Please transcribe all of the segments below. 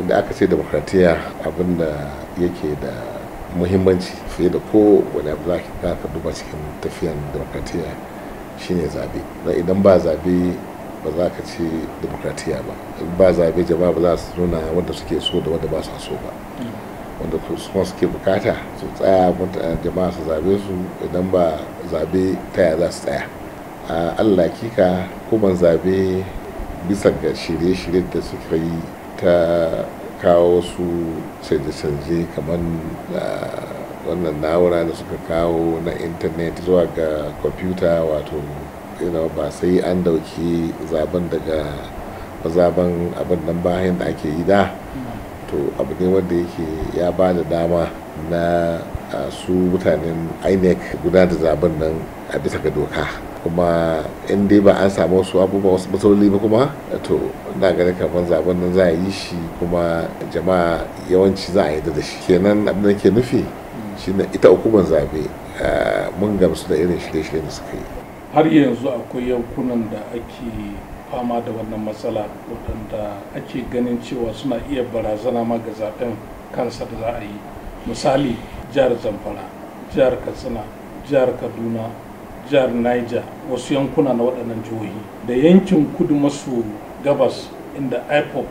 inda aka ce demokratiya abin yake da muhimmanci fiye da ko wani abu za ka duba cikin tafiyan demokratiya shine zabe na idan ba zabe ba za ka ce demokratiya ba ba zabe jama'a ba za su nuna wanda suke so da wanda ba su so ba wanda kuma suke bukata su tsaya jama'a su zabe su idan ba zabe taya za su tsaya a allah kika kuma zabe bisa ga shirye-shirye da suka yi ta kawo su canje-canje kamar ah, wannan na'ura da suka kawo na intanet zuwa ga kwamfuta wato ba sai an dauki zaben daga mazaban abin nan bayan da ake yi da to abu ne wanda yake ya ba da dama na ah, su mutanen inec guda da zaben nan a bisa ga doka kuma in dai ba an samu wasu abubuwa wasu matsaloli ba kuma to na ganin kamar zaben nan za a yi shi kuma jama'a yawanci za a yadda da shi kenan abin da ke nufi shine ita hukumar zabe eh, mun gamsu da irin shirye-shirye da suka yi har yanzu akwai yankunan da ake fama da wannan matsala waɗanda ake ganin cewa suna iya barazana ma ga zaben kansa da za a yi misali jihar zamfara jihar katsina jihar kaduna jihar niger wasu yankuna na waɗannan jihohi da yankin kudu masu gabas inda ipop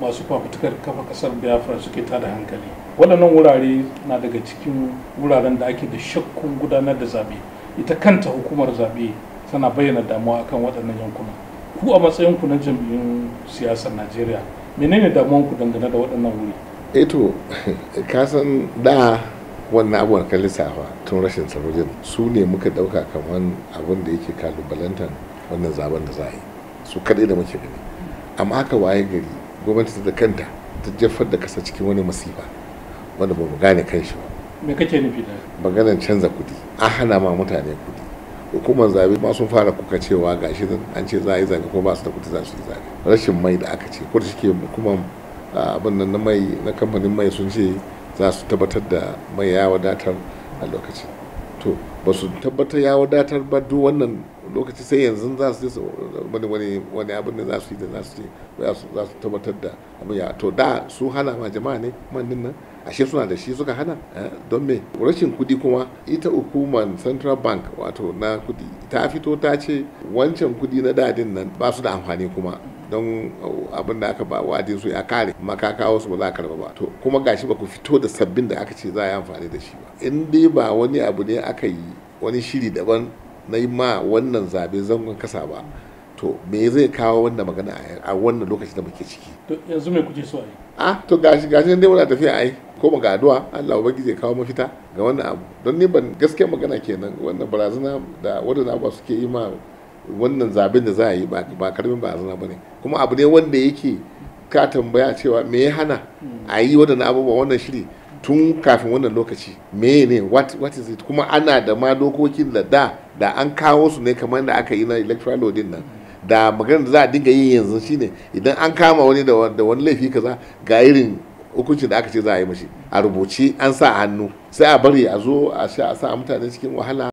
masu fafutukar kafa kasar biafra suke tada hankali waɗannan wurare na daga cikin wuraren da ake da shakkun gudanar da zaɓe ita kanta hukumar zaɓe tana bayyana damuwa akan waɗannan yankuna ku a matsayinku na jam'iyyun siyasar najeriya menene damuwanku dangane da waɗannan wuri eto eh kasan da wannan abubuwan kan lissafa tun rashin tsaro su ne muka dauka kamar abin da yake kalubalantar wannan zaben da za a yi su kadai da muke gani amma haka waye gari gwamnati da kanta ta jefar da kasa cikin wani masifa wanda ba mu gane kan shi ba me kake nufi da maganar canza kudi an hana ma mutane kudi hukumar zabe ma sun fara kuka cewa gashi nan an ce za a yi zabe ko ba su da kudi za su yi zabe rashin mai da aka ce ko da shike hukumar ah, abin nan na mai na kamfanin mai sun ce za su tabbatar da mai ya wadatar a lokacin to ba su tabbatar ya wadatar ba duk wannan lokaci sai yanzu za su wani wani wani abin da za su yi da za su za su tabbatar da abin ya to da su hana ma jama'a ne kuma nan ashe suna da shi suka hana eh, don me rashin kudi kuma ita hukumar central bank wato na kudi ta fito ta ce wancan kudi na dadin nan ba su da amfani kuma don abin da aka ba wadin su ya kare amma ka kawo su ba za a karba ba to kuma gashi ba ku fito da sabbin da aka ce za a yi amfani da shi ba in dai ba wani abu ne aka yi wani shiri daban na yi ma wannan zabe zangon kasa ba to me zai kawo wannan magana a wannan lokacin da muke ciki to yanzu me kuke so a to gashi gashi dai muna tafiya ai ko mu ga addu'a Allah ubangiji ya kawo mafita ga wannan abu don ni ban gaskiya magana kenan wannan barazana da wadanda abuwa suke yi ma wannan zaben da za a yi ba karamin ba zana ba ne kuma abu ne wanda yake ka tambaya cewa me ya hana a yi waɗannan abubuwa wannan shiri tun kafin wannan lokaci me ne what, is it kuma ana da ma dokokin da da da an kawo su ne kamar da aka yi na electoral law din nan da maganar da za a dinga yi yanzu shine idan an kama wani da wani laifi kaza ga irin hukuncin da aka ce za a yi mashi a rubuce an sa hannu sai a bari a zo a sha a sa mutane cikin wahala